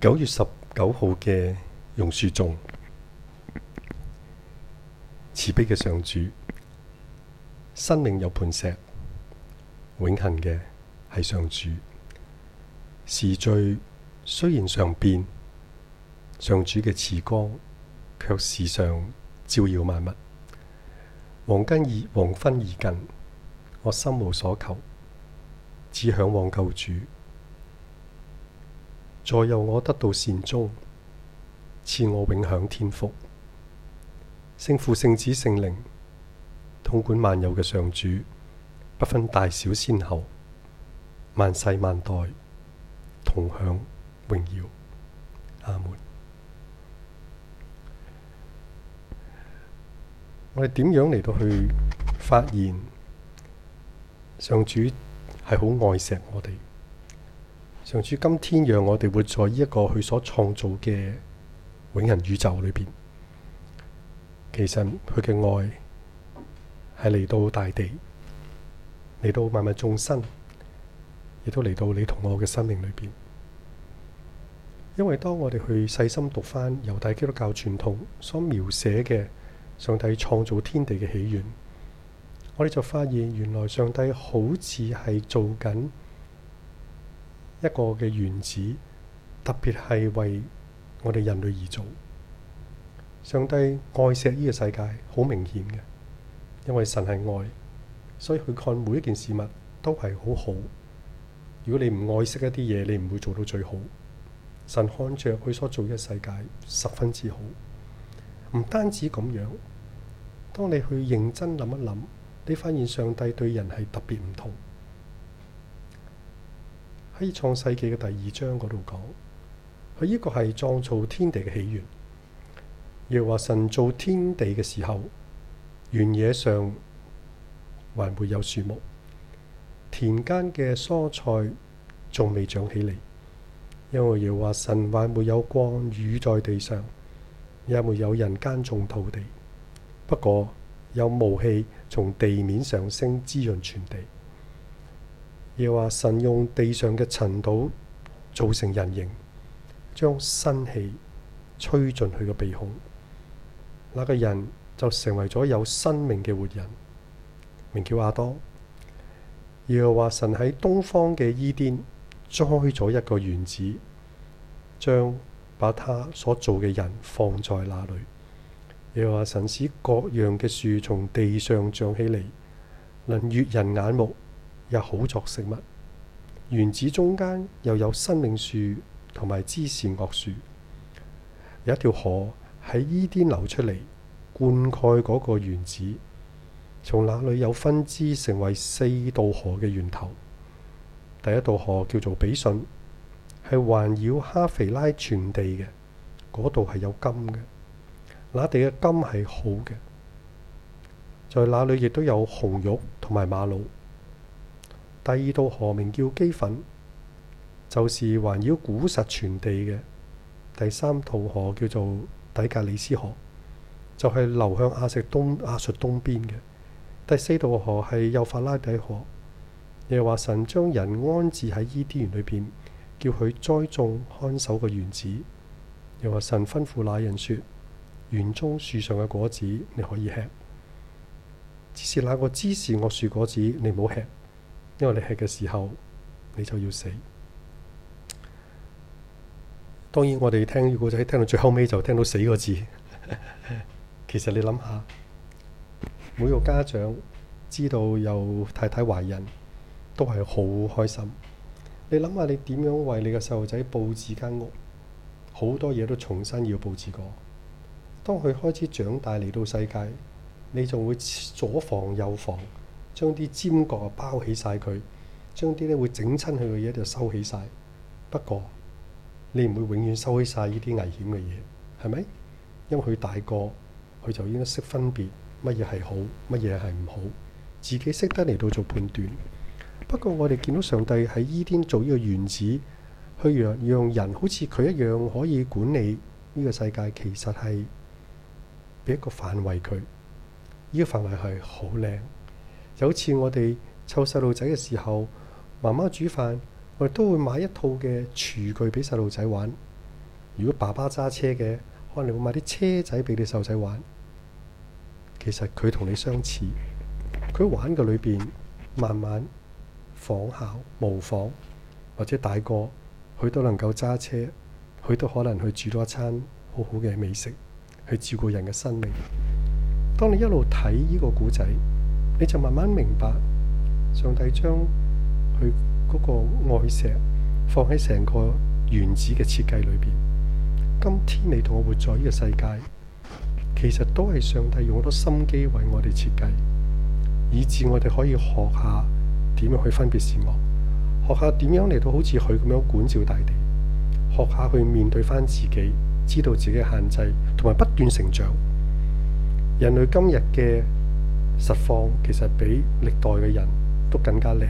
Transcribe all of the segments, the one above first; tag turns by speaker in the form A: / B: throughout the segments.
A: 九月十九號嘅榕樹中，慈悲嘅上主，生命有磐石，永恒嘅係上主，時序雖然常變，上主嘅慈光卻時常照耀萬物。黃昏已黃昏已近，我心無所求，只向往救主。助佑我得到善終，賜我永享天福。聖父、聖子、聖靈，統管萬有嘅上主，不分大小先後，萬世萬代同享榮耀。阿門。我哋點樣嚟到去發現上主係好愛錫我哋？上主今天讓我哋活在呢一個佢所創造嘅永恆宇宙裏邊，其實佢嘅愛係嚟到大地，嚟到萬物眾生，亦都嚟到你同我嘅生命裏邊。因為當我哋去細心讀返猶太基督教傳統所描寫嘅上帝創造天地嘅起源，我哋就發現原來上帝好似係做緊。一個嘅原子，特別係為我哋人類而做。上帝愛錫呢個世界，好明顯嘅，因為神係愛，所以佢看每一件事物都係好好。如果你唔愛惜一啲嘢，你唔會做到最好。神看著佢所做嘅世界，十分之好。唔單止咁樣，當你去認真諗一諗，你發現上帝對人係特別唔同。喺創世記嘅第二章嗰度講，佢呢個係創造天地嘅起源。耶和華神造天地嘅時候，原野上還沒有樹木，田間嘅蔬菜仲未長起嚟，因為耶和華神還沒有降雨在地上，也沒有人耕種土地。不過有霧氣從地面上升，滋潤全地。又話神用地上嘅塵土造成人形，將生氣吹進佢個鼻孔，那個人就成為咗有生命嘅活人，名叫亞當。又話神喺東方嘅伊甸栽咗一個園子，將把他所造嘅人放在那裡。又話神使各樣嘅樹從地上長起嚟，能悅人眼目。又好作食物，原子中間又有生命樹同埋知善惡樹，有一條河喺伊甸流出嚟，灌溉嗰個原子。從那裏有分支成為四道河嘅源頭，第一道河叫做比遜，係環繞哈腓拉全地嘅。嗰度係有金嘅，那地嘅金係好嘅，在、就是、那裏亦都有紅玉同埋瑪瑙。第二道河名叫基訓，就是環繞古實全地嘅。第三道河叫做底格里斯河，就係、是、流向亞述東亞述東邊嘅。第四道河係幼發拉底河。耶和華神將人安置喺伊甸園裏邊，叫佢栽種看守個園子。耶和華神吩咐那人說：園中樹上嘅果子你可以吃，只是那個芝士惡樹果子你唔好吃。因為你吃嘅時候，你就要死。當然我，我哋聽呢個故仔聽到最後尾就聽到死個字。 其實你諗下，每個家長知道有太太懷孕，都係好開心。你諗下，你點樣為你嘅細路仔佈置間屋？好多嘢都重新要佈置過。當佢開始長大嚟到世界，你就會左防右防。將啲尖角包起晒佢，將啲咧會整親佢嘅嘢就收起晒。不過你唔會永遠收起晒呢啲危險嘅嘢，係咪？因為佢大個，佢就應該識分別乜嘢係好，乜嘢係唔好，自己識得嚟到做判斷。不過我哋見到上帝喺伊甸做呢個原子，去讓讓人好似佢一樣可以管理呢個世界，其實係俾一個範圍佢。呢個範圍係好靚。有次我哋湊細路仔嘅時候，媽媽煮飯，我哋都會買一套嘅廚具畀細路仔玩。如果爸爸揸車嘅，可能會買啲車仔畀你細路仔玩。其實佢同你相似，佢玩嘅裏邊慢慢仿效、模仿，或者大個，佢都能夠揸車，佢都可能去煮多一餐好好嘅美食去照顧人嘅生命。當你一路睇呢個故仔，你就慢慢明白，上帝將佢嗰個愛石放喺成個原子嘅設計裏邊。今天你同我活在呢個世界，其實都係上帝用好多心機為我哋設計，以致我哋可以學下點樣去分別善惡，學下點樣嚟到好似佢咁樣管照大地，學下去面對返自己，知道自己嘅限制，同埋不斷成長。人類今日嘅實況其實比歷代嘅人都更加叻。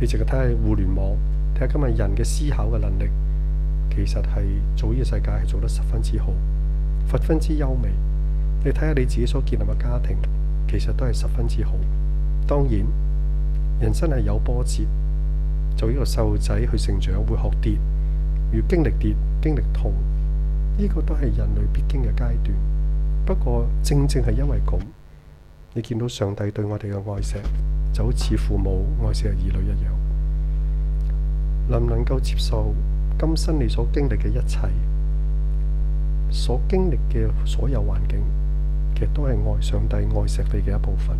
A: 你淨係睇下互聯網，睇下今日人嘅思考嘅能力，其實係做呢個世界係做得十分之好，十分之優美。你睇下你自己所建立嘅家庭，其實都係十分之好。當然，人生係有波折，做呢個細路仔去成長會學跌，如經歷跌經歷痛，呢個都係人類必經嘅階段。不過正正係因為咁。你見到上帝對我哋嘅愛錫，就好似父母愛錫嘅兒女一樣。能唔能夠接受今生你所經歷嘅一切，所經歷嘅所有環境，其實都係愛上帝愛錫你嘅一部分。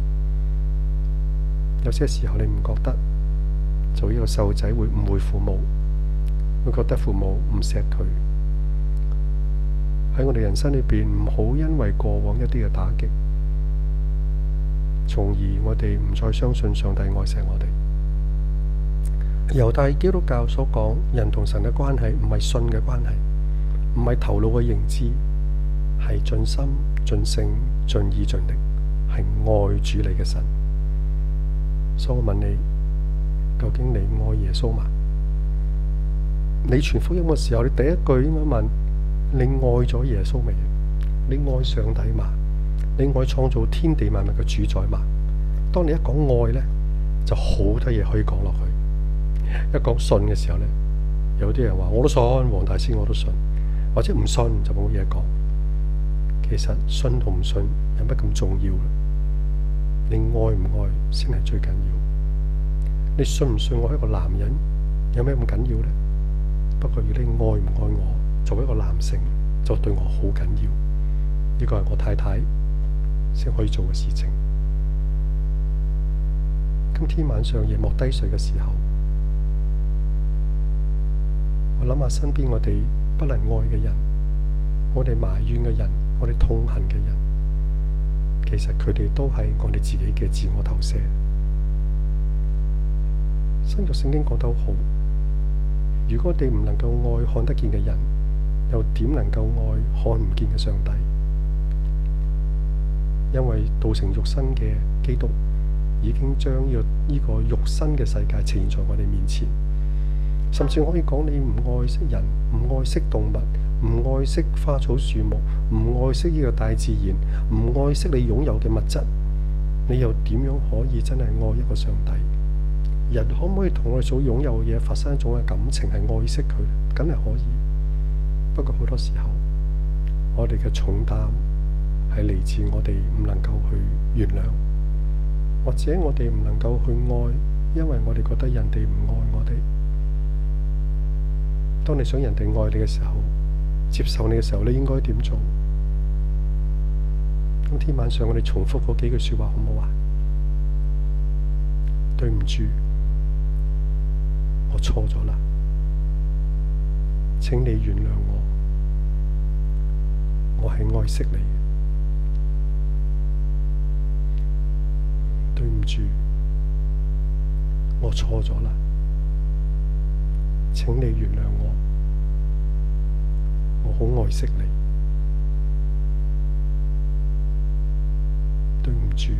A: 有些時候你唔覺得，做一個細路仔會誤會父母，會覺得父母唔錫佢。喺我哋人生裏邊，唔好因為過往一啲嘅打擊。從而我哋唔再相信上帝愛錫我哋。猶太基督教所講人同神嘅關係唔係信嘅關係，唔係頭腦嘅認知，係盡心、盡性、盡意、盡力，係愛主你嘅神。所以我問你，究竟你愛耶穌嗎？你傳福音嘅時候，你第一句應該問：你愛咗耶穌未？你愛上帝嗎？你愛創造天地萬物嘅主宰嘛？當你一講愛呢，就好多嘢可以講落去。一講信嘅時候呢，有啲人話我都信黃大仙，我都信，或者唔信就冇嘢講。其實信同唔信有乜咁重要？你愛唔愛先係最緊要。你信唔信我係一個男人有咩咁緊要呢？不過而你愛唔愛我作為一個男性就對我好緊要。呢個係我太太。先可以做嘅事情。今天晚上夜幕低垂嘅時候，我諗下身邊我哋不能愛嘅人，我哋埋怨嘅人，我哋痛恨嘅人，其實佢哋都係我哋自己嘅自我投射。新約聖經講得好，如果我哋唔能夠愛看得見嘅人，又點能夠愛看唔見嘅上帝？因為道成肉身嘅基督已經將呢個呢個肉身嘅世界呈現在我哋面前，甚至可以講你唔愛惜人，唔愛惜動物，唔愛惜花草樹木，唔愛惜呢個大自然，唔愛惜你擁有嘅物質，你又點樣可以真係愛一個上帝？人可唔可以同我哋所擁有嘅嘢發生一種嘅感情係愛惜佢？梗係可以，不過好多時候我哋嘅重擔。係嚟自我哋唔能夠去原諒，或者我哋唔能夠去愛，因為我哋覺得人哋唔愛我哋。當你想人哋愛你嘅時候，接受你嘅時候，你應該點做？今天晚上我哋重複嗰幾句説話好好，好唔好啊？對唔住，我錯咗啦。請你原諒我，我係愛惜你嘅。對唔住，我錯咗啦，請你原諒我，我好愛惜你。對唔住，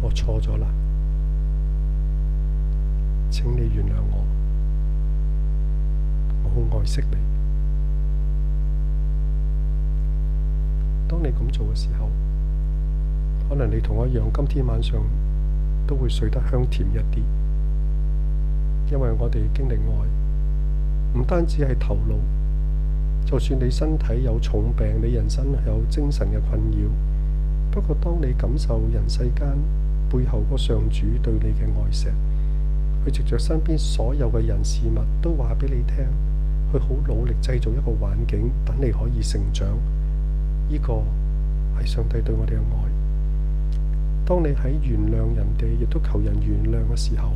A: 我錯咗啦，請你原諒我，我好愛惜你。當你咁做嘅時候，可能你同我一樣，今天晚上都會睡得香甜一啲，因為我哋經歷愛，唔單止係頭腦，就算你身體有重病，你人生有精神嘅困擾，不過當你感受人世間背後個上主對你嘅愛錫，佢藉着身邊所有嘅人事物都話俾你聽，佢好努力製造一個環境，等你可以成長，呢個係上帝對我哋嘅愛。當你喺原諒人哋，亦都求人原諒嘅時候，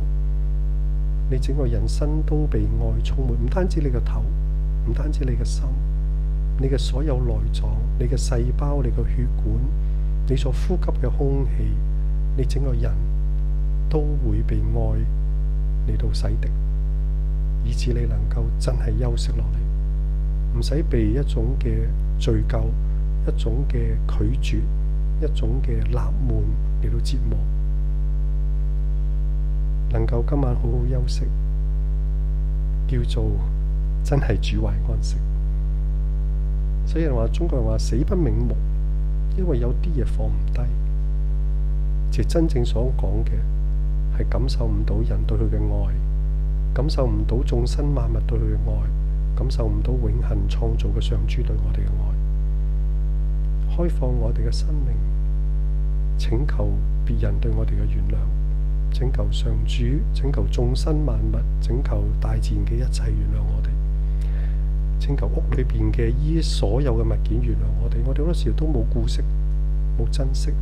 A: 你整個人生都被愛充滿。唔單止你個頭，唔單止你嘅心，你嘅所有內臟、你嘅細胞、你嘅血管、你所呼吸嘅空氣，你整個人都會被愛嚟到洗滌，以至你能夠真係休息落嚟，唔使被一種嘅罪疚、一種嘅拒絕、一種嘅納悶。嚟到折磨，能夠今晚好好休息，叫做真係主懷安息。所以人話，中國人話死不瞑目，因為有啲嘢放唔低。即，真正所講嘅係感受唔到人對佢嘅愛，感受唔到眾生萬物對佢嘅愛，感受唔到永恆創造嘅上主對我哋嘅愛，開放我哋嘅生命。請求別人對我哋嘅原諒，請求上主，請求眾生萬物，請求大自然嘅一切原諒我哋。請求屋裏邊嘅呢啲所有嘅物件原諒我哋。我哋好多時候都冇顧惜，冇珍惜，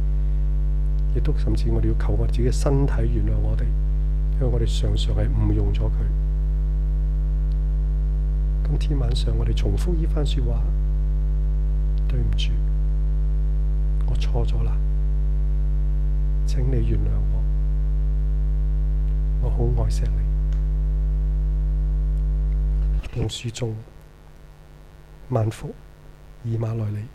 A: 亦都甚至我哋要求我自己嘅身體原諒我哋，因為我哋常常係誤用咗佢。今天晚上我哋重複呢番説話，對唔住，我錯咗啦。請你原諒我，我好愛錫你。洪樹中萬福、以馬內利。